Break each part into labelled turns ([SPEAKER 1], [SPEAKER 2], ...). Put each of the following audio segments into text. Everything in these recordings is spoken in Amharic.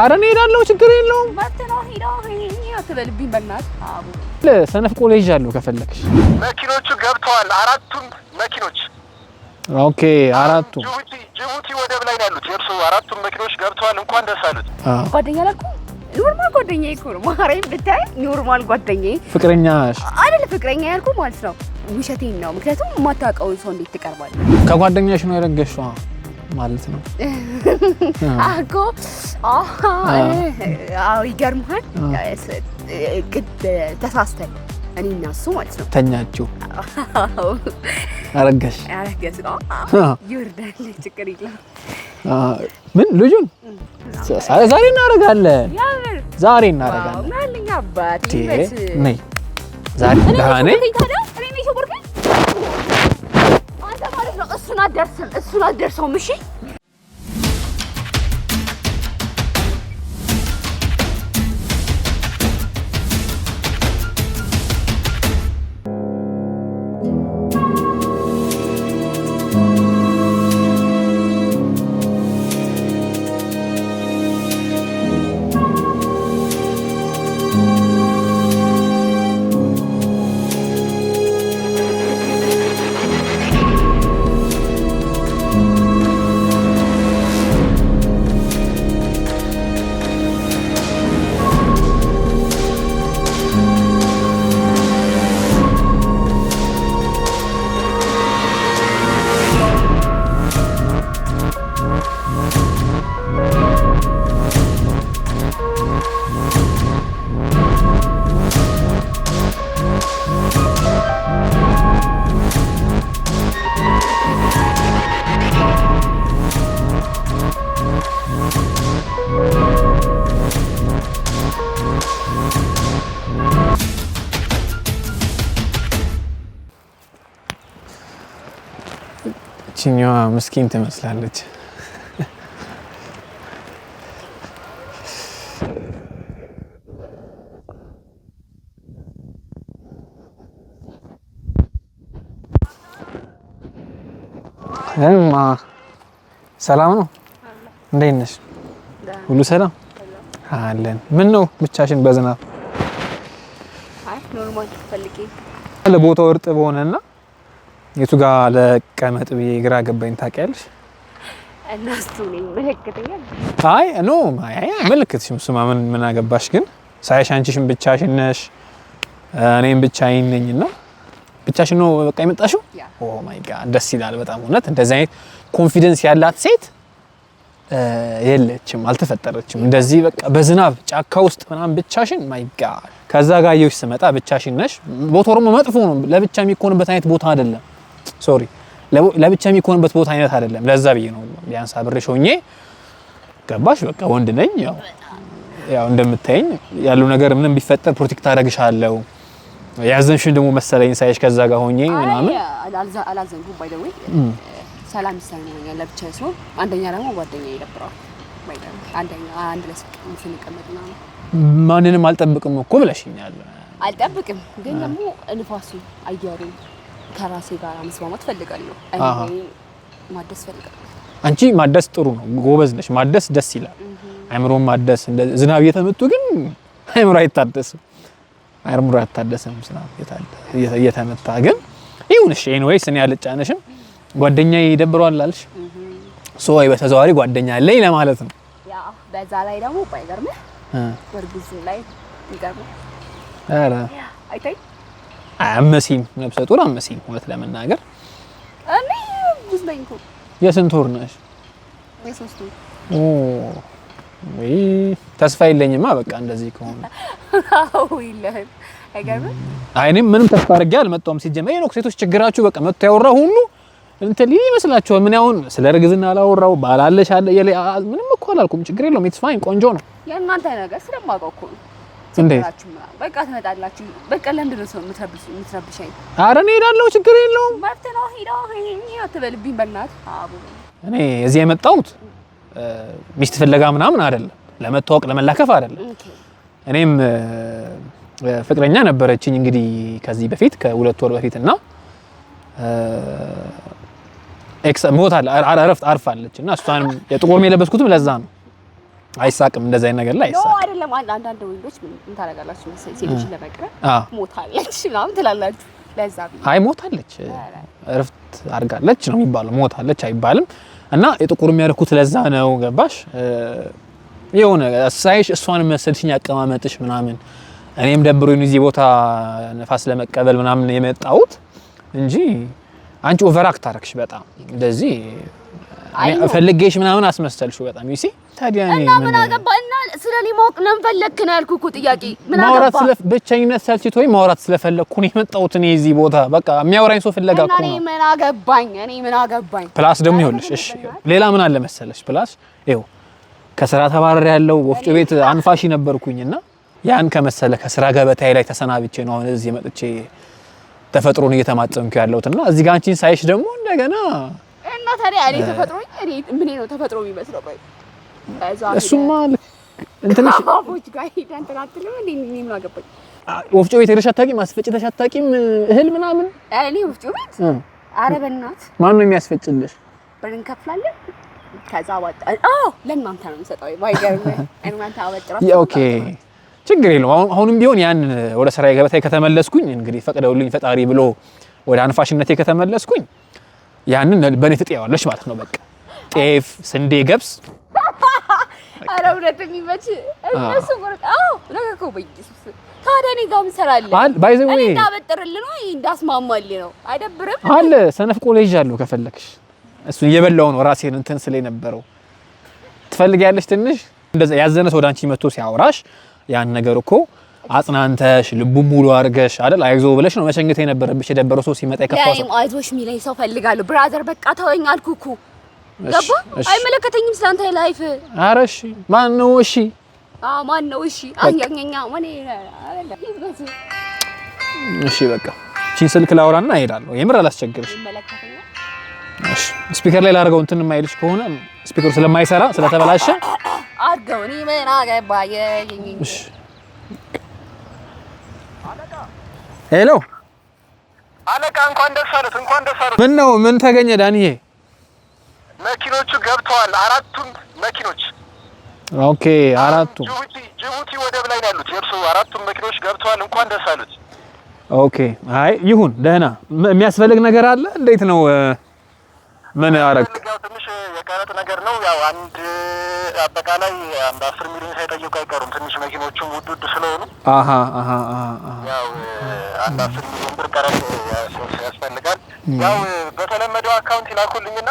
[SPEAKER 1] አረ እኔ እሄዳለሁ፣ ችግር የለውም።
[SPEAKER 2] መጥተው ሄደው እኛ አትበልብኝ በእናትህ
[SPEAKER 1] አቡ ለሰነፍ ቆሎ ይዣለሁ ከፈለግሽ።
[SPEAKER 3] መኪኖቹ ገብተዋል፣ አራቱም መኪኖች።
[SPEAKER 1] ኦኬ አራቱ
[SPEAKER 3] ጅቡቲ ወደብ ላይ ነው ያሉት። የእርሱ አራቱም መኪኖች ገብተዋል። እንኳን ደስ አሉት።
[SPEAKER 2] ጓደኛ ለኩ ኖርማል ጓደኛ እኮ ነው። ማርያም ብታይ ኖርማል ጓደኛ ፍቅረኛ አይደል? ፍቅረኛ ያልኩ ማለት ነው። ውሸቴን ነው። ምክንያቱም የማታውቀውን ሰው እንዴት ትቀርባለህ?
[SPEAKER 1] ከጓደኛሽ ነው ያረገሽው ማለት ነው
[SPEAKER 2] እኮ ይገርምሃል። ተሳስተን እኔ እና እሱ ማለት ነው
[SPEAKER 1] ተኛችሁ አረገሽ
[SPEAKER 2] ይወርዳል። ችግር የለም
[SPEAKER 1] ምን ልጁን ዛሬ እናደርጋለን፣ ዛሬ እናደርጋለን። ዛሬ ደህና
[SPEAKER 2] ነኝ አትደርስም። እሱን አትደርሰውም። እሺ
[SPEAKER 1] ይችኛዋ ምስኪን ትመስላለች። እማ ሰላም ነው? እንዴት ነሽ? ሁሉ ሰላም አለን። ምን ነው ብቻሽን በዝናብ? አይ ኖርማል ለቦታው እርጥ ሆነና የቱ ጋር ለቀመጥ ብዬ ግራ ገባኝ። ታውቂያለሽ? አይ ኖ ምልክትሽም ስማ፣ ምን ምን አገባሽ ግን ሳይሽ አንቺሽም ብቻሽን ነሽ፣ እኔም ብቻዬን ነኝ እና ብቻሽን ነው በቃ የመጣሽው። ኦ ማይ ጋድ ደስ ይላል በጣም እውነት። እንደዚህ አይነት ኮንፊደንስ ያላት ሴት የለችም፣ አልተፈጠረችም። እንደዚህ በቃ በዝናብ ጫካ ውስጥ ምናምን ብቻሽን ማይ ጋድ። ከዛ ጋየሁሽ ስመጣ ብቻሽን ነሽ። ቦታው ደግሞ መጥፎ ነው፣ ለብቻ የሚኮንበት አይነት ቦታ አይደለም። ሶሪ ለብቻ የሚኮንበት ቦታ አይነት አይደለም። ለዛ ብዬ ነው ቢያንስ አብሬሽ ሆኜ ገባሽ። በቃ ወንድ ነኝ ያው ያው እንደምታየኝ ያለው ነገር ምንም ቢፈጠር ፕሮቴክት አደርግሻለሁ። ያዘንሽን ደግሞ መሰለኝ ሳይሽ ከዛ ጋር ሆኜ
[SPEAKER 2] ምናምን አላዘንኩም። ባይደዌ ሰላም ይሰማኛል ለብቻ ሲሆን፣ አንደኛ ደግሞ ጓደኛ ይደብረዋል። አንደኛ አንድ ላይ ስንቀመጥ
[SPEAKER 1] ማንንም አልጠብቅም እኮ ብለሽኛል።
[SPEAKER 2] አልጠብቅም ግን ደግሞ ንፋሱ አየሩ ከራሴ ጋር መስማማት ፈልጋለሁ። አይምሮዬን ማደስ ፈልጋለሁ።
[SPEAKER 1] አንቺ ማደስ ጥሩ ነው፣ ጎበዝ ነሽ። ማደስ ደስ ይላል። አይምሮን ማደስ እንደ ዝናብ እየተመቱ ግን አይምሮ አይታደስም። አይምሮ አይታደስም። ዝናብ እየተመታ ግን ይሁንሽ። ኤኒዌይስ እኔ አልጫነሽም። ጓደኛዬ ይደብረዋል አልሽ ሶ ወይ በተዘዋዋሪ ጓደኛ አለኝ ለማለት ነው።
[SPEAKER 2] ያ በዛ ላይ ደግሞ ቆይ ገርመህ እርግዝና ላይ ይገርመህ ኧረ አይተኝ
[SPEAKER 1] አያመሲም ነብሰ ጡር አመሲም። እውነት ለመናገር ብዙ የስንት ወር ነሽ?
[SPEAKER 2] ኦ ወይ ተስፋ የለኝማ። በቃ እንደዚህ ከሆነ ምንም ተስፋ አድርጌ አልመጣሁም። ሲጀመር ነው ሴቶች ችግራችሁ በቃ መጥቶ ያወራው ሁሉ እንትን ሊል ይመስላችኋል። ምን ያሁን ስለ እርግዝና አላወራው ባላለሽ አለ ምንም እኮ አላልኩም። ችግር የለውም። ኢትስ ፋይን ቆንጆ ነው። የእናንተ ነገር ስለማውቀው እኮ ነው እንዴት በቃ ትመጣላችሁ? በቃ ለምንድን ነው ሰው የምትረብሸኝ? እኔ ችግር የለውም። መብት ነው፣ ሄደው አትበልብኝ። በእናትህ እኔ እዚህ የመጣሁት ሚስት ፍለጋ ምናምን አይደለም፣ ለመታወቅ ለመላከፍ አይደለም። እኔም ፍቅረኛ ነበረችኝ እንግዲህ ከዚህ በፊት ከሁለት ወር በፊት እና አረፍት አርፋለች እና እሷንም የለበስኩትም ለዛ ነው አይሳቅም እንደዚህ አይነት ነገር ላይ አይሳቅም። አይደለም አንዳንድ ወንዶች ምን ታደርጋላችሁ መሰለኝ ሴቶችን ለመቅረብ ሞታለች ምናምን ትላላችሁ። ለዛ ብዬሽ አይ ሞታለች እረፍት አድርጋለች ነው የሚባለው። ሞታለች አይባልም። እና የጥቁር የሚያደርኩት ለዛ ነው። ገባሽ? የሆነ ሳይሽ እሷን መሰልሽኝ አቀማመጥሽ ምናምን እኔም ደብሮኝ እዚህ ቦታ ነፋስ ለመቀበል ምናምን የመጣሁት እንጂ አንቺ ኦቨር አክት አደረግሽ በጣም እንደዚህ ፈልጌሽ ምናምን አስመሰልሽው በጣም ዩሲ ታዲያ እኔ ምን አገባና ስለ እኔ ማወቅ ለምን ፈለክ ነው ያልኩህ እኮ ጥያቄ። ምን አገባ ማውራት ስለ ብቸኝነት ሰልችቶኝ ማውራት ስለፈለኩ ነው የመጣሁት እኔ እዚህ ቦታ በቃ የሚያወራኝ ሰው ፍለጋ እኮ ነው። ምን አገባኝ እኔ ምን አገባኝ። ፕላስ ደግሞ ይኸውልሽ፣ እሺ ሌላ ምን አለ መሰለሽ፣ ፕላስ ይኸው ከስራ ተባረር ያለው ወፍጮ ቤት አንፋሽ ነበርኩኝና ያን ከመሰለ ከስራ ገበታዬ ላይ ተሰናብቼ ነው አሁን እዚህ መጥቼ ተፈጥሮን እየተማጸንኩ ያለሁት እና እዚህ ጋር አንቺን ሳይሽ ደግሞ እንደገና እና ታዲያ እኔ ተፈጥሮኝ እኔ ምን ነው ተፈጥሮ የሚመስለው ቆይ እሱማ እንትንሽ ወፍጮ ቤት ሄደሽ አታውቂም? አስፈጭተሽ አታውቂም? እህል ምናምን እኔ ወፍጮ ቤት ኧረ በእናትህ ማን ነው የሚያስፈጭልሽ? ብር እንከፍላለን። ከዛ ለእናንተ ነው የምሰጠው። ኦኬ ችግር የለውም። አሁንም ቢሆን ያን ወደ ስራዬ ገበታዬ ከተመለስኩኝ እንግዲህ ፈቅደውልኝ ፈጣሪ ብሎ ወደ አንፋሽነቴ ከተመለስኩኝ ያንን በእኔ ትጥያዋለሽ ማለት ነው። በቃ ጤፍ፣ ስንዴ፣ ገብስ ኧረ እውነት የሚመች እነሱ ነገኮ በኢየሱስ ታዲያ እኔ ጋር ምን ሰራለህ? እኔ እንዳበጥርልህ ነው እንዳስማማልህ ነው። አይደብርም አለ ሰነፍ ቆሎ ይዣለሁ። ከፈለግሽ እሱን እየበላሁ ነው ራሴን እንትን ስለ ነበረው ትፈልጊያለሽ። ትንሽ እንደዛ ያዘነ ሰው ወደ አንቺ መጥቶ ሲያወራሽ ያን ነገር እኮ አጽናንተሽ ልቡ ሙሉ አድርገሽ አይደል አይዞ ብለሽ ነው መሸኘት የነበረብሽ። የደበረው ሰው ሲመጣ የከፋው አይዞሽ የሚለኝ ሰው ፈልጋለሁ። ብራዘር በቃ ተወኝ አልኩህ ገባ አይመለከተኝም። ስላንተ ላይፍ ኧረ እሺ ማን ነው? እሺ አዎ ማን ነው? እሺ አኛኛኛ ማን እሺ በቃ እቺን ስልክ ላውራና እሄዳለሁ። የምር አላስቸግርሽ። እሺ ስፒከር ላይ ላድርገው። እንትን የማይልሽ ከሆነ ስፒከሩ ስለማይሰራ ስለተበላሸ አድርገው። እኔ ምን አገባኝ። እሺ ሄሎ አለቃ፣ እንኳን ደስ አለህ። እንኳን ደስ አለህ። ምን ነው ምን ተገኘ ዳንዬ? መኪኖቹ ገብተዋል። አራቱም መኪኖች ኦኬ፣ አራቱ ጅቡቲ ጅቡቲ ወደብ ላይ ያሉት የእርሱ አራቱም መኪኖች ገብተዋል። እንኳን ደስ አሉት። ኦኬ፣ አይ ይሁን፣ ደህና የሚያስፈልግ ነገር አለ። እንዴት ነው? ምን አረክ? ትንሽ የቀረጥ ነገር ነው። ያው አንድ አጠቃላይ አንድ አስር ሚሊዮን ሳይጠየቁ አይቀሩም። ትንሽ መኪኖቹም ውድ ውድ ስለሆኑ አሀ አሀ ያው አንድ አስር ሚሊዮን ብር ቀረጥ ያስፈልጋል። ያው በተለመደው አካውንት ይላኩልኝና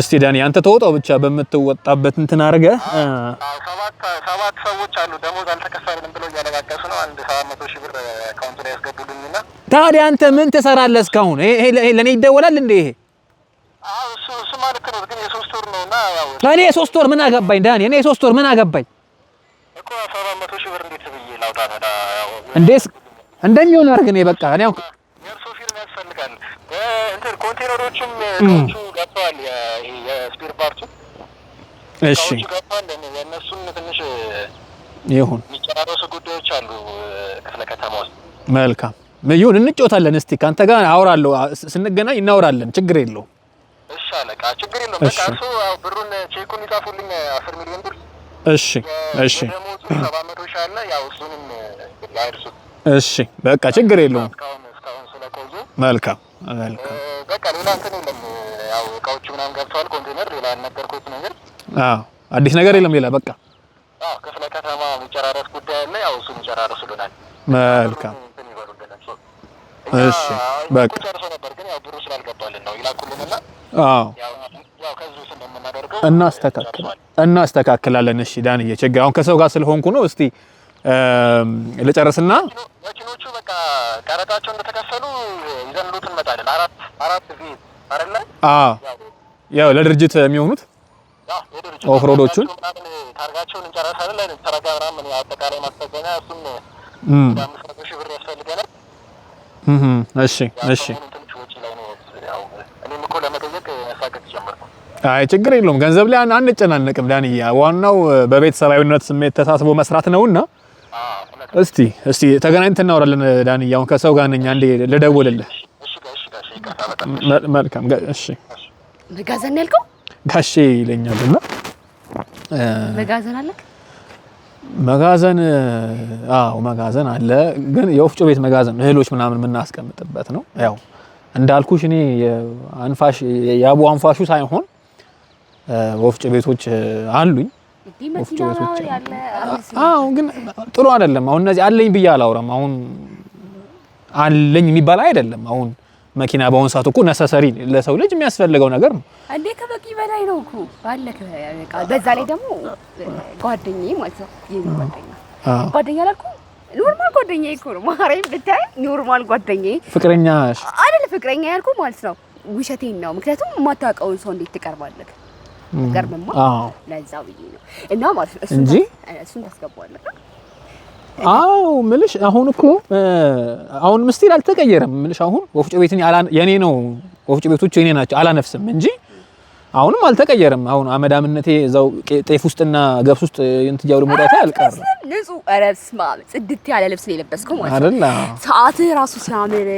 [SPEAKER 2] እስቲ ዳኒ አንተ ተወጣው ብቻ በምትወጣበት እንትን አድርገህ ሰባት ሰዎች አሉ ደሞዝ አልተከፈልንም ብለው እያለቃቀሱ ነው። አንድ ሰባት መቶ ሺህ ብር አካውንት ላይ ያስገቡልኝና ታዲያ አንተ ምን ትሰራለህ እስካሁን? ይሄ ለኔ ይደወላል እንዴ? ይሄ እሱማ ልክ ነው፣ ግን የሶስት ወር ነውና እኔ የሶስት ወር ምን አገባኝ ዳኒ፣ እኔ የሶስት ወር ምን አገባኝ እኮ ሰባት መቶ ሺህ ብር እንዴት ብዬ ላውጣ እንደሚሆን አድርግ። እኔ በቃ እኔ እንትን ኮንቴነሮችም ገብተዋል። የስፔር ፓርቱ እሺ ገብተዋል። ትንሽ ይሁን የሚጨራረሱ ጉዳዮች አሉ ክፍለ ከተማ ውስጥ። መልካም ይሁን እስቲ ከአንተ ጋር ስንገናኝ እናወራለን። ችግር የለው። እሺ አለቃ፣ ችግር የለውም። በቃ ብሩን ቼኩን ይጻፉልኝ፣ አስር ሚሊዮን ብር። እሺ እሺ፣ ሰባ መቶ ሺህ አለ። ያው እሱንም እሺ በቃ ችግር የለውም። መልካም በቃ ሌላ እንትን የለም። ያው እቃዎቹ ምናምን ገብተዋል። ኮንቴነር ሌላ ያልነገርኩት ነገር አዲስ ነገር የለም። ሌላ በቃ ክፍለ ከተማ የሚጨራረስ ጉዳይ አለ። ያው እሱን ይጨራረሱልናል። መልካም እሺ። በቃ ጨርሶ ነበር ግን ያው ብሩ ስላልገባልን ነው ይላኩልንና እናስተካክላለን። እሺ ዳንዬ፣ ችግር አሁን ከሰው ጋር ስለሆንኩ ነው። እስቲ ልጨርስና መኪኖቹ በቃ ቀረጣቸው እንደተከፈሉ ይዘንሉትን አይደል? አራት አራት ቤት አይደል? አዎ፣ ያው ለድርጅት የሚሆኑት ኦፍሮዶቹን ታርጋቸውን እንጨረሳለን ላይ ተረጋ ምናምን አጠቃላይ ማስተገኛ እሱም አምስት አይ ችግር የለውም ገንዘብ ላይ አንጨናነቅም ዳንያ። ዋናው በቤተሰባዊነት ስሜት ተሳስቦ መስራት ነውና እስቲ እስቲ ተገናኝተን እናወራለን ዳንያ። አሁን ከሰው ጋር ነኝ፣ አንዴ ልደውልልህ መልካም እሺ። መጋዘን ነው ያልከው? ጋሼ ይለኛል እና መጋዘን አለ መጋዘን አዎ፣ መጋዘን አለ። ግን የወፍጮ ቤት መጋዘን ነው፣ እህሎች ምናምን የምናስቀምጥበት ነው። ያው እንዳልኩሽ እኔ አንፋሽ የአቡ አንፋሹ ሳይሆን ወፍጮ ቤቶች አሉኝ። ወፍጮ ቤቶች አዎ፣ ግን ጥሩ አይደለም። አሁን እነዚህ አለኝ ብዬ አላውራም። አሁን አለኝ የሚባል አይደለም አሁን መኪና በአሁኑ ሰዓት እኮ ነሰሰሪ ለሰው ልጅ የሚያስፈልገው ነገር ነው እንዴ! ከበቂ በላይ ነው እኮ ባለክ። በዛ ላይ ደግሞ ጓደኛዬ ማለት ነው ይህ ጓደኛ ጓደኛ ላልኩ ኖርማል ጓደኛ እኮ ነው ማርያም፣ ብታይ ኖርማል ጓደኛ ፍቅረኛ አይደል? ፍቅረኛ ያልኩ ማለት ነው ውሸቴን ነው። ምክንያቱም የማታውቀውን ሰው እንዴት ትቀርባለህ? ትቀርብማ ለዛ ብዬ ነው እና ማለት ነው እሱን ታስገባዋለህ አዎ ምልሽ አሁን እኮ አሁን ምስጢር አልተቀየረም። ምልሽ አሁን ወፍጮ ቤትን የኔ ነው ወፍጮ ቤቶች የኔ ናቸው አላነፍስም እንጂ አሁንም አልተቀየረም። አሁን አመዳምነቴ እዛው ጤፍ ውስጥና ገብስ ውስጥ እንትጃው እያሉ መውጣቴ አልቀረም። ንጹህ ረብስ ማለት ጽድት ያለ ልብስ ነው የለበስከው ማለት አይደል? ሰዓት ራሱ ሲያምር፣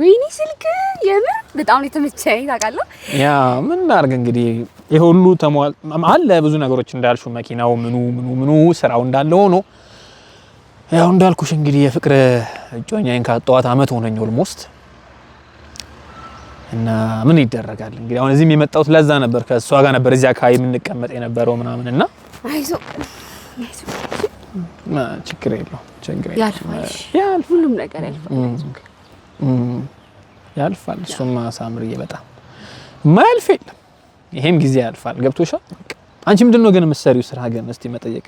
[SPEAKER 2] ወይኒ ስልክ የምር በጣም ነው የተመቸኝ። ታውቃለህ፣ ያ ምን ላድርግ እንግዲህ ይሄ ሁሉ ተሟል አለ ብዙ ነገሮች እንዳልሹ መኪናው ምኑ ምኑ ምኑ ስራው እንዳለ ሆኖ ያው እንዳልኩሽ እንግዲህ የፍቅር እጮኛዬን ካጣኋት አመት ሆነኝ ኦልሞስት። እና ምን ይደረጋል እንግዲህ አሁን እዚህም የመጣሁት ለዛ ነበር፣ ከእሷ ጋር ነበር እዚህ አካባቢ የምንቀመጥ የነበረው ምናምን እና አይዞህ ችግር የለውም ችግር የለውም ሁሉም ነገር ያልፋል። እሱማ ሳምርዬ በጣም ማያልፍ የለም ይሄም ጊዜ ያልፋል። ገብቶሻል? አንቺ ምንድን ነው ግን የምትሰሪው ስራ ግን እስቲ መጠየቅ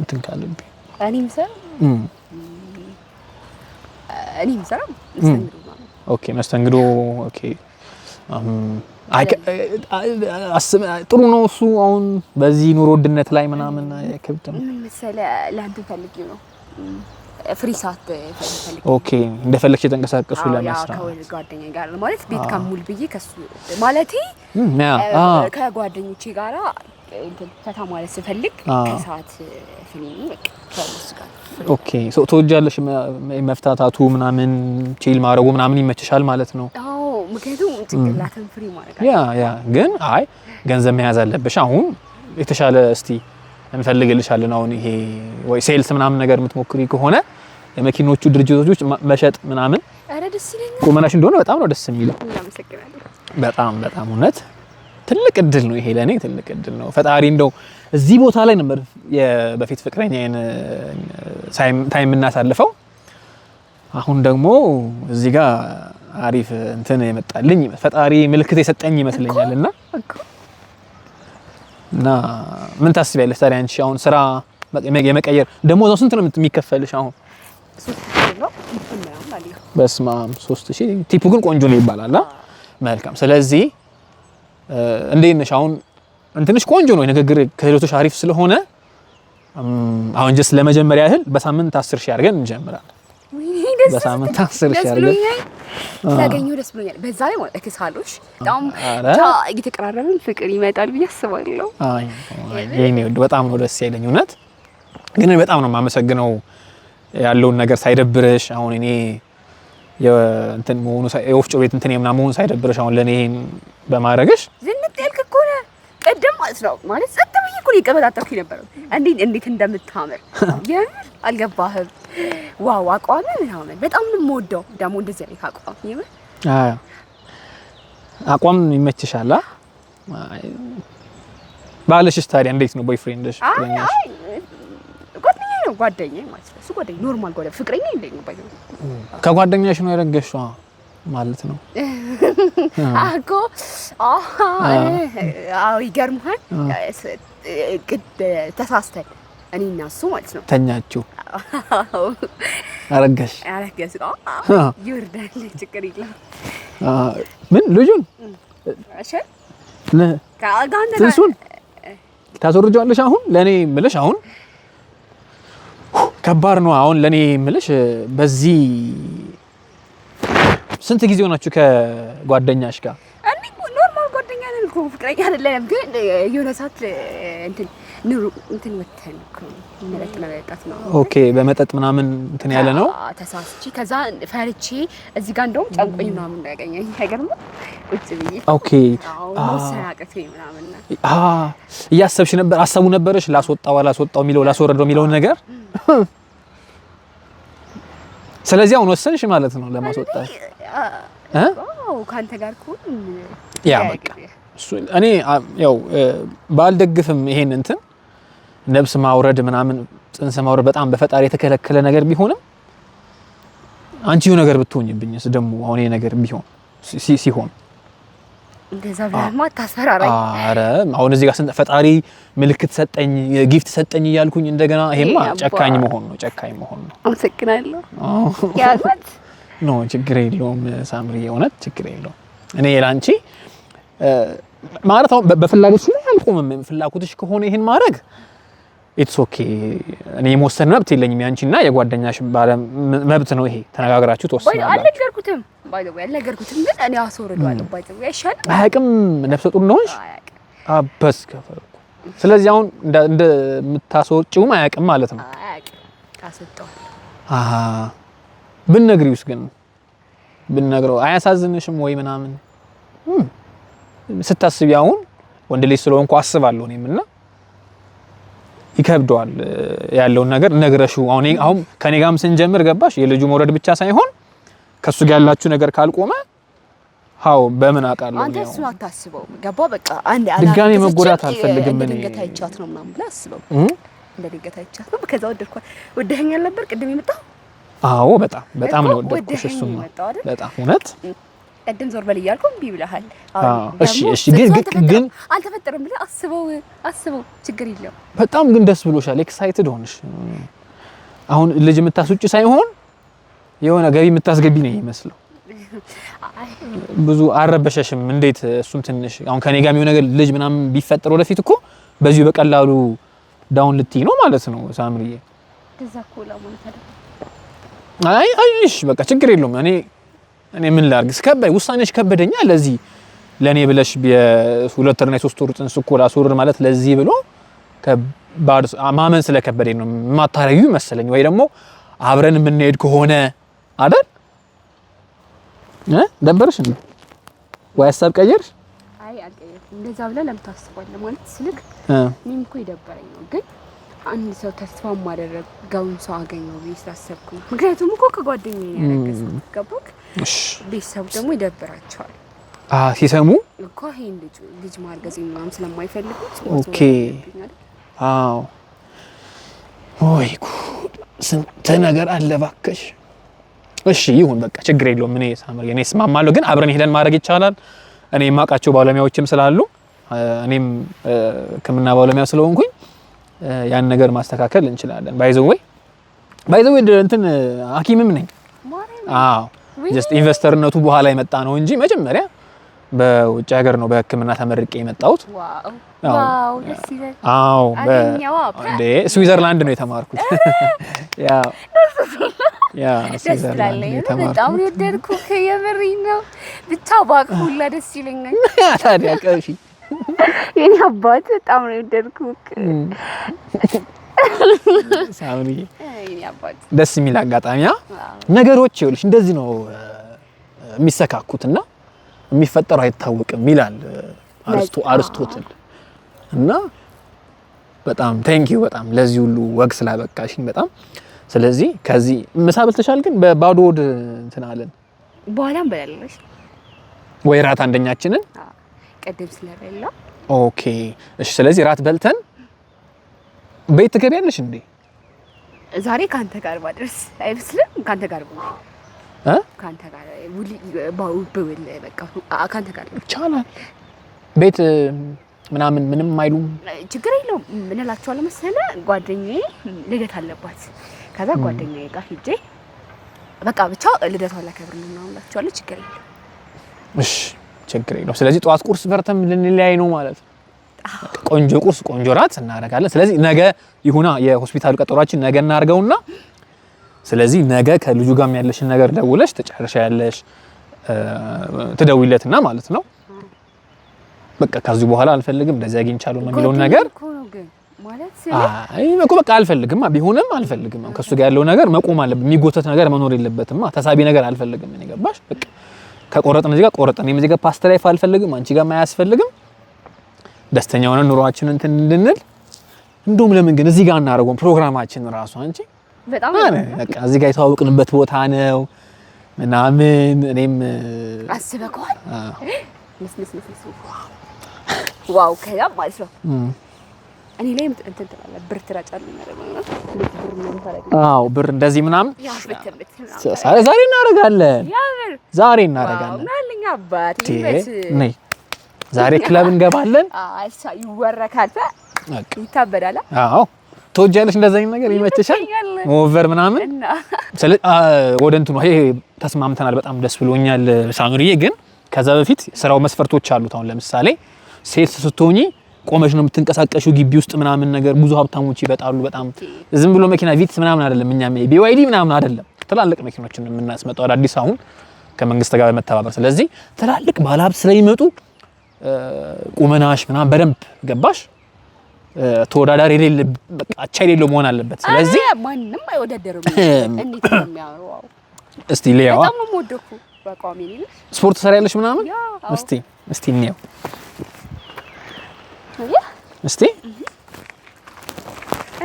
[SPEAKER 2] እንትን ካለብኝ እኔ የምሰራው እኔ የምሰራው መስተንግዶ ኦኬ መስተንግዶ። ኦኬ ጥሩ ነው እሱ። አሁን በዚህ ኑሮ ውድነት ላይ ምናምን ክብድ ነው መሰለህ ለአንተ ፈልጊው ነው ፍሪ ሰዓት ኦኬ እንደፈለግሽ የተንቀሳቀሱ ለመስራት ጋር ማለት ቤት ከሙል ብዬ ከሱ ማለት ከጓደኞቼ ጋራ ፈታ ማለት ስፈልግ ከሰዓት ፊልሙ ኦኬ። ሶ ትወጃለሽ መፍታታቱ ምናምን ቺል ማድረጉ ምናምን ይመችሻል ማለት ነው? አዎ፣ ምክንያቱም ጭንቅላትን ፍሪ ማድረግ ያ ያ ግን አይ ገንዘብ መያዝ አለብሽ። አሁን የተሻለ እስቲ እንፈልግልሻለን። አሁን ይሄ ወይ ሴልስ ምናምን ነገር የምትሞክሪ ከሆነ የመኪኖቹ ድርጅቶች መሸጥ ምናምን ኧረ ቁመናሽ እንደሆነ በጣም ነው ደስ የሚለው። በጣም በጣም እውነት ትልቅ እድል ነው ይሄ ለእኔ ትልቅ እድል ነው። ፈጣሪ እንደው እዚህ ቦታ ላይ ነበር በፊት ፍቅረኛዬን ታይም የምናሳልፈው። አሁን ደግሞ እዚህ ጋር አሪፍ እንትን የመጣልኝ ፈጣሪ ምልክት የሰጠኝ ይመስለኛል። እና እና ምን ታስቢያለሽ ታዲያ አንቺ? አሁን ስራ የመቀየር ደሞዛው ስንት ነው የሚከፈልሽ አሁን? በስመ አብ ሶስት ሺህ ቲፑ ግን ቆንጆ ነው ይባላል። መልካም ስለዚህ እንዴት ነሽ? አሁን እንትንሽ ቆንጆ ነው የንግግር ክህሎቶች አሪፍ ስለሆነ አሁን ጀስት ለመጀመሪያ ያህል በሳምንት 10 ሺህ አድርገን እንጀምራለን። በሳምንት 10 ሺህ አድርገን ያገኘሁ ደስ ብሎኛል። በዛ ላይ ማለት እክሳሎች በጣም እየተቀራረብን ፍቅር ይመጣል ብዬ አስባለሁ። የኔ ውድ በጣም ነው ደስ ያለኝ። እውነት ግን በጣም ነው የማመሰግነው ያለውን ነገር ሳይደብርሽ አሁን እኔ እንትን የወፍጮ ቤት እንትን የምና መሆኑ ሳይደብረሽ አሁን ለእኔ ይሄን በማድረግሽ ዝንጥ ያልክ እኮ ነህ። ቅድም ማለት ነው ማለት ጸጥ ብዬሽ እኮ ነው ነበረው። እንዴት እንዴት እንደምታምር የምር አልገባህም። ዋው አቋም ምናምን በጣም ነው የምወደው። ደግሞ እንደዚህ አይነት አቋም የምር አቋም ይመችሻል። ባልሽስ ታዲያ እንዴት ነው ቦይፍሬንድሽ? ነው ጓደኛዬ ማለት ነው። እሱ ጓደኛዬ ኖርማል ጓደኛዬ ፍቅረኛ እንደኝ ነው ከጓደኛሽ ነው የረገሽው ማለት ነው እኮ አዎ። ይገርምሃል፣ ተሳስተን እኔ እና እሱ ማለት ነው ተኛችሁ፣ አረገሽ አረገሽ። ይወርዳል፣ ችግር የለም። ምን ልጁን ታስወርጃለሽ? አሁን ለእኔ ምልሽ አሁን ከባድ ነው። አሁን ለእኔ ምልሽ በዚህ ስንት ጊዜ ሆናችሁ ከጓደኛሽ ጋር? እኔ ኖርማል ጓደኛ ነን እኮ ፍቅረኛ አይደለም፣ ግን የሆነ ሰዓት እንትን ኑሩ እንትን ወተን መጠጥ መጠጣት ነው። ኦኬ በመጠጥ ምናምን እንትን ያለ ነው። ተሳስቼ ከዛ ፈርቼ እዚህ ጋር እንደውም ጨንቆኝ ምናምን ያገኘኝ። አይገርምም? ቁጭ ብዬ ኦኬ እያሰብሽ ነበር። አሰቡ ነበርሽ ላስወጣው ላስወጣው የሚለው ላስወረደው የሚለውን ነገር ስለዚህ አሁን ወሰንሽ ማለት ነው ለማስወጣት እ ከአንተ ጋር ያ በቃ እኔ ያው ባልደግፍም ይሄን እንትን ነብስ ማውረድ ምናምን ጽንስ ማውረድ በጣም በፈጣሪ የተከለከለ ነገር ቢሆንም አንቺ ይኸው ነገር ብትሆኝብኝስ ደግሞ አሁን ይሄ ነገር ቢሆን ሲሆን እንደዛ አሁን እዚህ ጋር ፈጣሪ ምልክት ሰጠኝ፣ ጊፍት ሰጠኝ እያልኩኝ እንደገና ይሄማ ጨካኝ መሆን ነው፣ ጨካኝ መሆን ነው። አመሰግናለሁ። ኖ ችግር የለውም ሳምሪ፣ የእውነት ችግር የለውም። እኔ ላንቺ ማለት አሁን በፍላጎትሽ ላይ አልቆምም። ፍላጎትሽ ከሆነ ይሄን ማድረግ ኢትስ ኦኬ እኔ የመወሰን መብት የለኝም። ያንቺና የጓደኛሽ ባለ መብት ነው ይሄ። ተነጋግራችሁ ተወሰነ። አያውቅም አሁን እንደምታስወጪውም አያውቅም ማለት ነው። ግን አያሳዝንሽም ወይ ምናምን ስታስቢ? አሁን ወንድ ልጅ ስለሆንኩ አስባለሁ እኔም እና ይከብደዋል ያለውን ነገር ነግረሹ አሁን አሁን ከኔ ጋም ስንጀምር ገባሽ የልጁ መውረድ ብቻ ሳይሆን ከሱ ጋር ያላችሁ ነገር ካልቆመ ሀው በምን አውቃለሁ አንተ እሱን አታስበው ገባ በቃ አንድ ድጋሜ መጎዳት አልፈልግም ድንገት አይቻት ነው ምናምን ብለህ አስበው እንደ ድንገት አይቻት ነው ከዛ ወደድኳት ነበር ቅድም የመጣው አዎ በጣም በጣም ነው ወደድኩሽ እሱማ በጣም እውነት ቀደም ዞር በል እያልኩ እምቢ ብለሃል። እሺ እሺ፣ ግን ግን አልተፈጠረም ብለህ አስበው አስበው፣ ችግር የለውም። በጣም ግን ደስ ብሎሻል፣ ኤክሳይትድ ሆንሽ። አሁን ልጅ የምታስውጭ ሳይሆን የሆነ ገቢ የምታስገቢ ነው የሚመስለው። ብዙ አረበሸሽም። እንዴት እሱም ትንሽ አሁን ከኔ ጋር የሚሆን ነገር ልጅ ምናምን ቢፈጠር ወደፊት እኮ በዚሁ በቀላሉ ዳውን ልትይ ነው ማለት ነው ሳምሪዬ። አይ አይሽ፣ በቃ ችግር የለውም እኔ እኔ ምን ላርግ? ከበደኝ፣ ውሳኔሽ ከበደኛ። ለዚህ ለኔ ብለሽ የሁለት ወርና የሶስት ወር ጽንስ እኮ ላስወርድ ማለት ለዚህ ብሎ ከባድ ማመን ስለከበደኝ ነው የማታረዩ መሰለኝ። ወይ ደግሞ አብረን የምንሄድ ከሆነ አይደል? ደበርሽ እንዴ? ወይ ሀሳብ ቀየርሽ? አይ አልቀየርኩም። እንደዛ ብለህ ለምን ታስባለህ? ማለት ስልክ እኔም እኮ የደበረኝ ነው ግን አንድ ሰው ተስፋ ማደረግ ጋውን ሰው አገኘው ብዬ ስላሰብኩኝ፣ ምክንያቱም እኮ ከጓደኛዬ ያረገዝኩት ገባክ ቤተሰቡ ደግሞ ይደብራቸዋል ሲሰሙ እኮ ይሄን ልጅ ልጅ ማርገዝ ምናምን ስለማይፈልጉ ኦኬ አዎ ወይ ስንት ነገር አለባከሽ እሺ ይሁን በቃ ችግር የለውም እኔ ሳምር እኔ እስማማለሁ ግን አብረን ሄደን ማድረግ ይቻላል እኔ የማውቃቸው ባለሙያዎችም ስላሉ እኔም ህክምና ባለሙያ ስለሆንኩኝ ያን ነገር ማስተካከል እንችላለን ባይዘወይ ባይዘወይ እንትን ነኝ አዎ ጀስት ኢንቨስተርነቱ በኋላ የመጣ ነው እንጂ መጀመሪያ በውጭ ሀገር ነው በሕክምና ተመርቄ የመጣሁት። ዋው ዋው፣ ነው ይላል። በጣም ነው። የተማርኩት። ያው ታዲያ ቀፊ የኔ አባት በጣም ነው የወደድኩህ ሳምንዬ ደስ የሚል አጋጣሚ ነገሮች ይኸውልሽ እንደዚህ ነው የሚሰካኩትና የሚፈጠረው አይታወቅም ይላል አርስቶ አርስቶትል እና በጣም ቴንኪዩ በጣም ለዚህ ሁሉ ወግ ስላበቃሽኝ በጣም ስለዚህ ከዚህ ምሳ በልተሻል ግን በባዶ እንትን አለን በኋላም በላለሽ ወይ ራት አንደኛችንን ቀደም ስለበላ ኦኬ እሺ ስለዚህ ራት በልተን ቤት ትገቢያለሽ እንዴ? ዛሬ ካንተ ጋር ባደርስ አይመስልም? ካንተ ጋር ነው እ ካንተ ጋር ውል ባው በውል በቃ ካንተ ጋር ይቻላል። ቤት ምናምን ምንም አይሉም። ችግር የለውም። ምን እላችኋለሁ መሰለህ፣ ጓደኛዬ ልደት አለባት። ከዛ ጓደኛዬ ጋር ሂጄ በቃ ብቻ ልደቷን ላከብር ነው እላችኋለሁ። ችግር የለውም። እሺ፣ ችግር የለውም። ስለዚህ ጠዋት ቁርስ በርተም ልንለያይ ነው ማለት ነው ቆንጆ ቁርስ፣ ቆንጆ ራት እናደርጋለን። ስለዚህ ነገ ይሁና የሆስፒታል ቀጠሯችን ነገ እናድርገውና ስለዚህ ነገ ከልጁ ጋር ያለሽን ነገር ደውለሽ ተጨርሻ ያለሽ ትደውይለትና ማለት ነው። በቃ ከዚህ በኋላ አልፈልግም እንደዚህ አግኝቻለሁ ነው የሚለውን ነገር አይ መቆም በቃ አልፈልግም፣ ቢሆንም አልፈልግም። ከሱ ጋር ያለው ነገር መቆም አለበት። የሚጎተት ነገር መኖር የለበትም። ተሳቢ ነገር አልፈልግም። እኔ ገባሽ በቃ ከቆረጥን እዚህ ጋር ቆረጥን። እኔም እዚህ ጋር ፓስተር ላይፍ አልፈልግም፣ አንቺ ጋር አያስፈልግም ደስተኛ ሆነን ኑሯችንን እንትን እንድንል እንደውም ለምን ግን እዚህ ጋር እናደርገው ፕሮግራማችን ራሱ አንቺ በጣም በቃ እዚህ ጋር የተዋወቅንበት ቦታ ነው ምናምን እኔም አስበከዋል። ዋው ከዛ ማለት ነው እኔ ላይ እንትን ትላለህ ብር ትረጫለህ አዎ ብር እንደዚህ ምናምን ዛሬ እናደርጋለን ዛሬ እናደርጋለን ዛሬ ክለብ እንገባለን። አይሳ ይወረካል፣ ይታበዳል። አዎ ትወጃለሽ፣ እንደዛ ነገር ይመችሻል። ኦቨር ምናምን ስለ ወደ እንትኑ ይሄ ተስማምተናል። በጣም ደስ ብሎኛል ሳኑሪዬ። ግን ከዛ በፊት ስራው መስፈርቶች አሉት። አሁን ለምሳሌ ሴት ስትሆኚ ቆመሽ ነው የምትንቀሳቀሹ ግቢ ውስጥ ምናምን ነገር ብዙ ሀብታሞች ይበጣሉ። በጣም ዝም ብሎ መኪና ቪትስ ምናምን አይደለም፣ እኛ ቢዋይዲ ምናምን አይደለም። ትላልቅ መኪኖችን የምናስመጣው አዳዲስ አሁን ከመንግስት ጋር በመተባበር ስለዚህ ትላልቅ ባለሀብት ስለሚመጡ ቁመናሽ ምናምን በደንብ ገባሽ ተወዳዳሪ የሌለ በቃ አቻ የሌለው መሆን አለበት። ስለዚህ ማንም አይወዳደርም። እንዴት ነው የሚያወራው? እስቲ ሊያዋ ስፖርት ሰሪያለሽ ምናምን እስቲ እስቲ እንየው እስቲ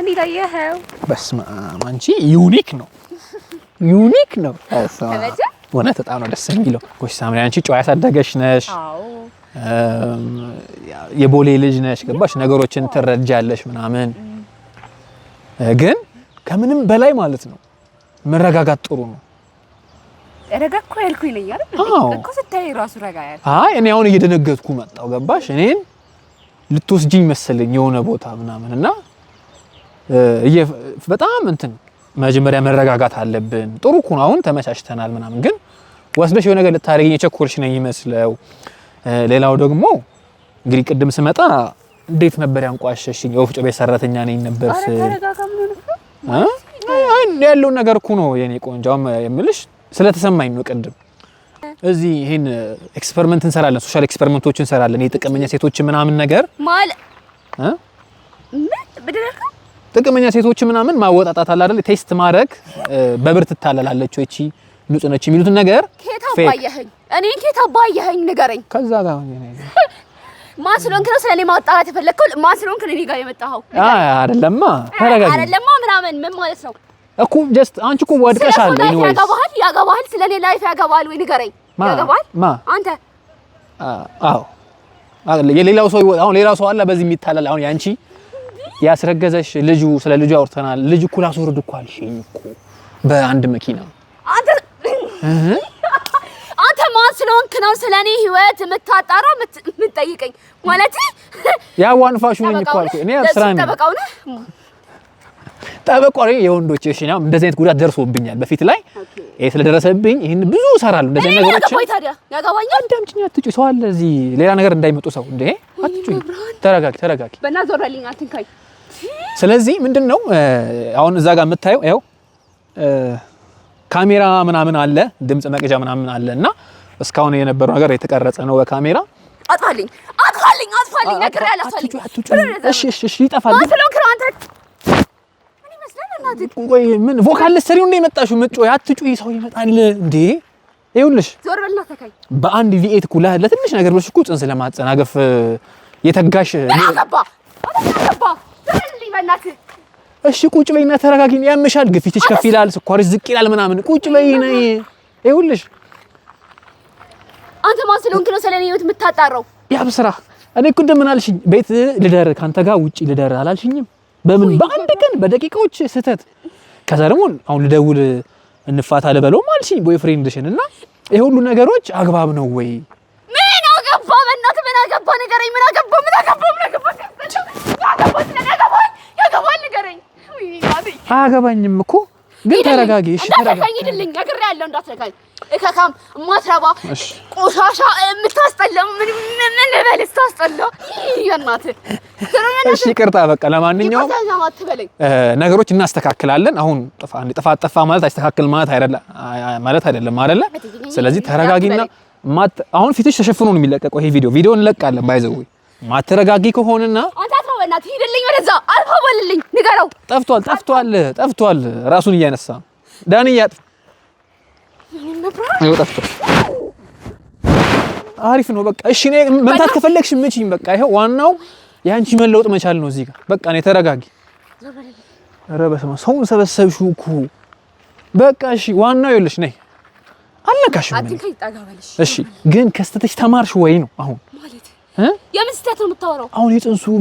[SPEAKER 2] እንዴ ላየኸው። በስመ አብ አንቺ ዩኒክ ነው ዩኒክ ነው። እውነት በጣም ነው ደስ የሚለው። ጎሽ ሳምሪ አንቺ ጨዋ ያሳደገሽ ነሽ። የቦሌ ልጅ ነሽ ገባሽ፣ ነገሮችን ትረጃለሽ ምናምን። ግን ከምንም በላይ ማለት ነው መረጋጋት ጥሩ ነው። ረጋ እኮ ያልኩ ይለኛል እኮ ስታይ ራሱ ረጋ ያልኩ። አይ እኔ አሁን እየደነገጥኩ መጣሁ ገባሽ። እኔን ልትወስጂኝ መሰለኝ የሆነ ቦታ ምናምን እና በጣም እንትን መጀመሪያ መረጋጋት አለብን። ጥሩ እኮ ነው አሁን ተመቻችተናል ምናምን፣ ግን ወስደሽ የሆነ ነገር ልታደርጊኝ የቸኮልሽ ነኝ ይመስለው ሌላው ደግሞ እንግዲህ ቅድም ስመጣ እንዴት ነበር ያንቋሸሽኝ? የወፍጮ ቤት ሰራተኛ ነኝ ነበር ያለው ነገር እኮ ነው የኔ ቆንጃም የምልሽ ስለተሰማኝ ነው። ቅድም እዚህ ይሄን ኤክስፐሪመንት እንሰራለን፣ ሶሻል ኤክስፐሪመንቶች እንሰራለን። ይሄ ሴቶች ምናምን ነገር ጥቅመኛ ሴቶች ምናምን ማወጣጣት አለ አይደል? ቴስት ማድረግ በብር ትታለላለች እቺ ንጹህ ነች የሚሉትን ነገር ኬታ አባያኸኝ እኔን ኬታ ንገረኝ። ከዛ ጋር ማን ስለሆንክ ነው ስለኔ ማጣራት የፈለግከው? ማን ስለሆንክ ነው እኔ ጋር የመጣኸው? አይ አይደለማ፣ ተረጋጋ። አይደለማ ምናምን ምን ማለት ነው እኮ ጀስት አንቺ እኮ ወድቀሻል። ኤኒዌይስ ያገባሃል፣ ያገባሃል። ስለኔ ላይፍ ያገባሃል ወይ ንገረኝ። ያገባሃል አንተ። አዎ የሌላው ሰው አሁን ሰው አለ በዚህ አሁን ያንቺ ያስረገዘሽ ልጁ ስለ ልጁ አውርተናል። ልጅ እኮ ላስወርድ እኮ አልሽኝ እኮ በአንድ መኪና አንተ ማን ስለሆንክ ነው ስለኔ ህይወት የምታጣራ የምትጠይቀኝ? ማለት ያው አንፋሹ ነኝ እኮ አልኩ። እኔ ስራ ነኝ ጠበቃው ነህ ጠበቃው የወንዶች እሺ ነው። እንደዚህ አይነት ጉዳት ደርሶብኛል በፊት ላይ ይሄ ስለደረሰብኝ ይሄን ብዙ እሰራለሁ። እንደዚህ ነገሮች ቆይ ታዲያ ያጋባኛል። አዳምጪኝ፣ አትጩ። ሰው አለ እዚህ ሌላ ነገር እንዳይመጡ ሰው እንደ አትጩ። ተረጋጊ፣ ተረጋጊ። በእናትህ ዞር በልኝ፣ አትንካኝ። ስለዚህ ምንድን ነው አሁን እዛ ጋር የምታየው ያው ካሜራ ምናምን አለ፣ ድምጽ መቅጃ ምናምን አለ እና እስካሁን የነበረው ነገር የተቀረጸ ነው በካሜራ። አጥፋልኝ፣ አጥፋልኝ፣ አጥፋልኝ ነገር ያላጥፋልኝ። እሺ፣ እሺ፣ እሺ፣ ይጠፋል። ቆይ ምን ቮካል ሰሪው እንደ የመጣሽው ምጮ ያትጩ ሰው ይመጣል እንዴ? ይኸውልሽ፣ ዞር በልና ተካይ። በአንድ ቪኤት ኩላ ለትንሽ ነገር ብለሽ እኮ ጽንስ ለማጸናገፍ የተጋሽ ምን አገባ? ምን አገባ? ዞር በልና እሺ ቁጭ በይና ተረጋጊን። ያምሻል፣ ግፊትሽ ከፍ ይላል፣ ስኳርሽ ዝቅ ይላል ምናምን። ቁጭ በይ ነይ። ይኸውልሽ አንተ ማን ስለሆንክ ነው ስለኔ ህይወት የምታጣራው? ያብ ስራ እኔ እኮ እንደምን አልሽኝ፣ ቤት ልደር ካንተ ጋር ውጪ ልደር አላልሽኝም? በምን በአንድ ቀን በደቂቃዎች ስህተት። ከዛ ደግሞ አሁን ልደውል እንፋታ ልበለውም አልሽኝ ቦይፍሬንድሽን። እና ይሄ ሁሉ ነገሮች አግባብ ነው ወይ? ምን አገባ? በእናትህ ምን አገባ? ንገረኝ። ምን አገባ? ምን አገባ? ምን አገባ? ምን አገባ? ያገባኝ አያገባኝም እኮ ግን ተረጋጊ። እሺ ተረጋጊ። ሂድልኝ ያለው እንዳትነካኝ። እከካም ማትረባ ቆሻሻ የምታስጠላ ምን ምን በል ስታስጠላ የእናትህ። እሺ ቅርጣ በቃ ለማንኛውም ነገሮች እናስተካክላለን። አሁን ጥፋ ጥፋ ጥፋ ማለት አይስተካክል ማለት አይደለም ማለት አይደለም አይደለ? ስለዚህ ተረጋጊና አሁን ፊትሽ ተሸፍኖ ነው የሚለቀቀው ይሄ ቪዲዮ ቪዲዮ እንለቃለን። ባይዘው ማትረጋጊ ከሆነና በእናትህ ሂድልኝ፣ ወደዛ አልፋ በልልኝ፣ ንገረው። ጠፍቷል፣ ጠፍቷል፣ ጠፍቷል። ራሱን እያነሳ ዳኒ ያጥ አሪፍ ነው። በቃ እሺ፣ ነው መምታት ከፈለግሽ ምችኝ። በቃ ይሄ ዋናው የአንቺ መለወጥ መቻል ነው። እዚህ ጋር በቃ ነው። ተረጋጊ። ኧረ በስመ አብ ሰውን ሰበሰብሽው እኮ በቃ እሺ፣ ዋናው ይኸውልሽ ነይ አለካሽ። እሺ፣ ግን ከስተተሽ ተማርሽ ወይ ነው አሁን የምን ስህተት ነው የምታወራው? አሁን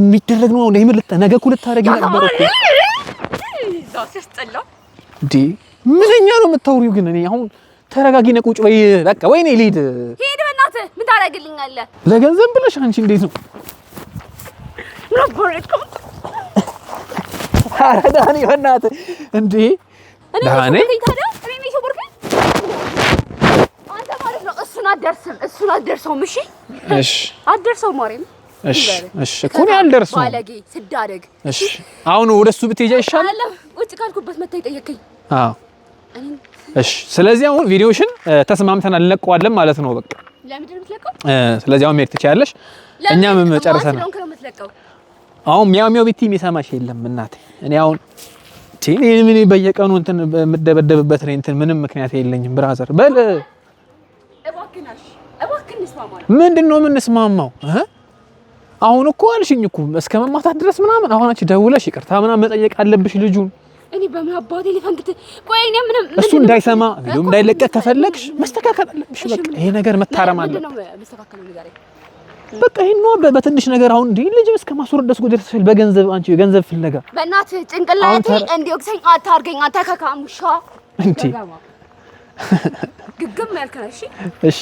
[SPEAKER 2] የሚደረግ ነው። አሁን ነገ እኮ ልታደርጊ ነበር እኮ እንዴ! ምንኛ ነው የምታወሪው? ግን እኔ አሁን ተረጋጊና ቁጭ በይ በቃ። ወይኔ ልሂድ፣ ሂድ በእናትህ። ምን ታደርግልኛለህ? ለገንዘብ ብለሽ አንቺ እንዴት ነው ዳኒ? በእናትህ እንዴ ዳኒ አትደርስም። እሱን አትደርሰውም። እሺ እሺ፣ አትደርሰውም። ማርያም እሺ እሺ፣ እኮ ነው ያልደርሰው። ባለጌ ስዳደግ። እሺ አሁን ወደሱ ብትሄጃ ይሻላል። ቁጭ ካልኩበት መታ ይጠየቀኝ። አዎ እሺ። ስለዚህ አሁን ቪዲዮሽን ተስማምተን እንለቀዋለን ማለት ነው። በቃ ለምንድን ነው የምትለቀው? ስለዚህ አሁን መሄድ ትችያለሽ። እኛም ጨርሰን አሁን ሚያው ሚያው ቤቲ የሚሰማሽ የለም እናቴ። እኔ አሁን ቲኒ ምን በየቀኑ እንትን የምደበደብበት እኔ እንትን ምንም ምክንያት የለኝም ብራዘር በል ምንድን ነው የምንስማማው? አሁን እኮ አልሽኝ እኮ እስከ መማታት ድረስ ምናምን። አሁን አንቺ ደውለሽ ይቅርታ ምናምን መጠየቅ አለብሽ ልጁን እኔ በማባቴ ሊፈንክት እሱ እንዳይሰማ ቪዲዮ እንዳይለቀቅ ከፈለግሽ መስተካከል አለብሽ። በቃ ይሄ ነገር መታረም አለበት። በቃ ይሄን ነው በትንሽ ነገር አሁን እንዲህ ልጅ እስከ ማስወረድ ደስ ጎደር በገንዘብ አንቺ ገንዘብ ፍለጋ በእናትህ ጭንቅላቴ እንዲወቅሰኝ አታርገኝ። አንተ ከካሙሻ እንዴ ግግም ያልከና እሺ፣ እሺ፣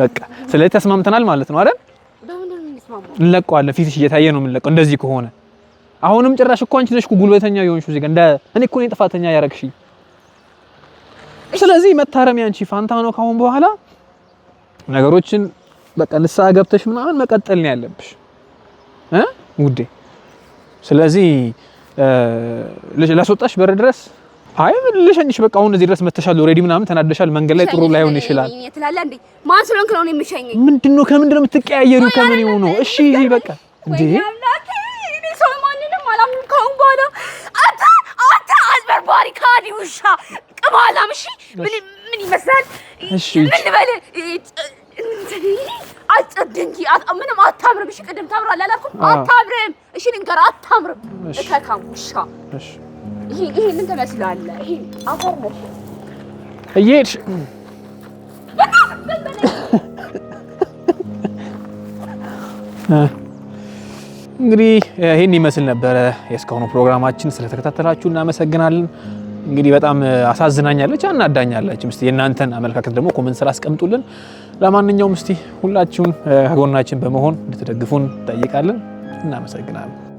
[SPEAKER 2] በቃ ስለዚህ ተስማምተናል ማለት ነው አይደል? እንለቀዋለን። ፊትሽ እየታየ ነው የምንለቀው። እንደዚህ ከሆነ አሁንም ጭራሽ እኮ አንቺ ነሽ እኮ ጉልበተኛ የሆንሽው እዚህ ጋር እንደ እኔ እኮ ነኝ ጥፋተኛ ያረግሽኝ። ስለዚህ መታረሚያ አንቺ ፋንታ ነው። ካሁን በኋላ ነገሮችን በቃ ንስሓ ገብተሽ ምናምን መቀጠል ነው ያለብሽ እ ውዴ ስለዚህ ለሶጣሽ በር ድረስ አይ ልሸኝሽ፣ በቃ አሁን እዚህ ድረስ መተሻል፣ ኦልሬዲ ምናምን ተናደሻል። መንገድ ላይ ጥሩ ላይሆን ይችላል። ማን ስለሆንክ ነው የምሸኘኝ? ምንድን ነው ከምንድን ነው የምትቀያየሩ? ከምን ይሆኑ? እሺ በቃ እንዴ አጭበርባሪ፣ ካዲ፣ ውሻ፣ ቅማላም። እሺ ምን ምን ይመስላል? እሺ ምን በል አጨድንጂ ምንም አታምርም። እሺ ቅድም ታምራለህ አላልኩም? አታምርም። እሺ ልንገርህ፣ አታምርም። እከካም ውሻ እሺ ይሄ ምን ትመስላለህ? ይሄ አፈር ነሽ እየሄድሽ እንግዲህ ይህን ይመስል ነበረ የእስካሁኑ ፕሮግራማችን። ስለተከታተላችሁ እናመሰግናለን። እንግዲህ በጣም አሳዝናኛለች፣ አናዳኛለችም። እስቲ የእናንተን አመለካከት ደግሞ ኮመንት ስራ አስቀምጡልን። ለማንኛውም እስቲ ሁላችሁም ከጎናችን በመሆን እንድትደግፉን እንጠይቃለን። እናመሰግናለን።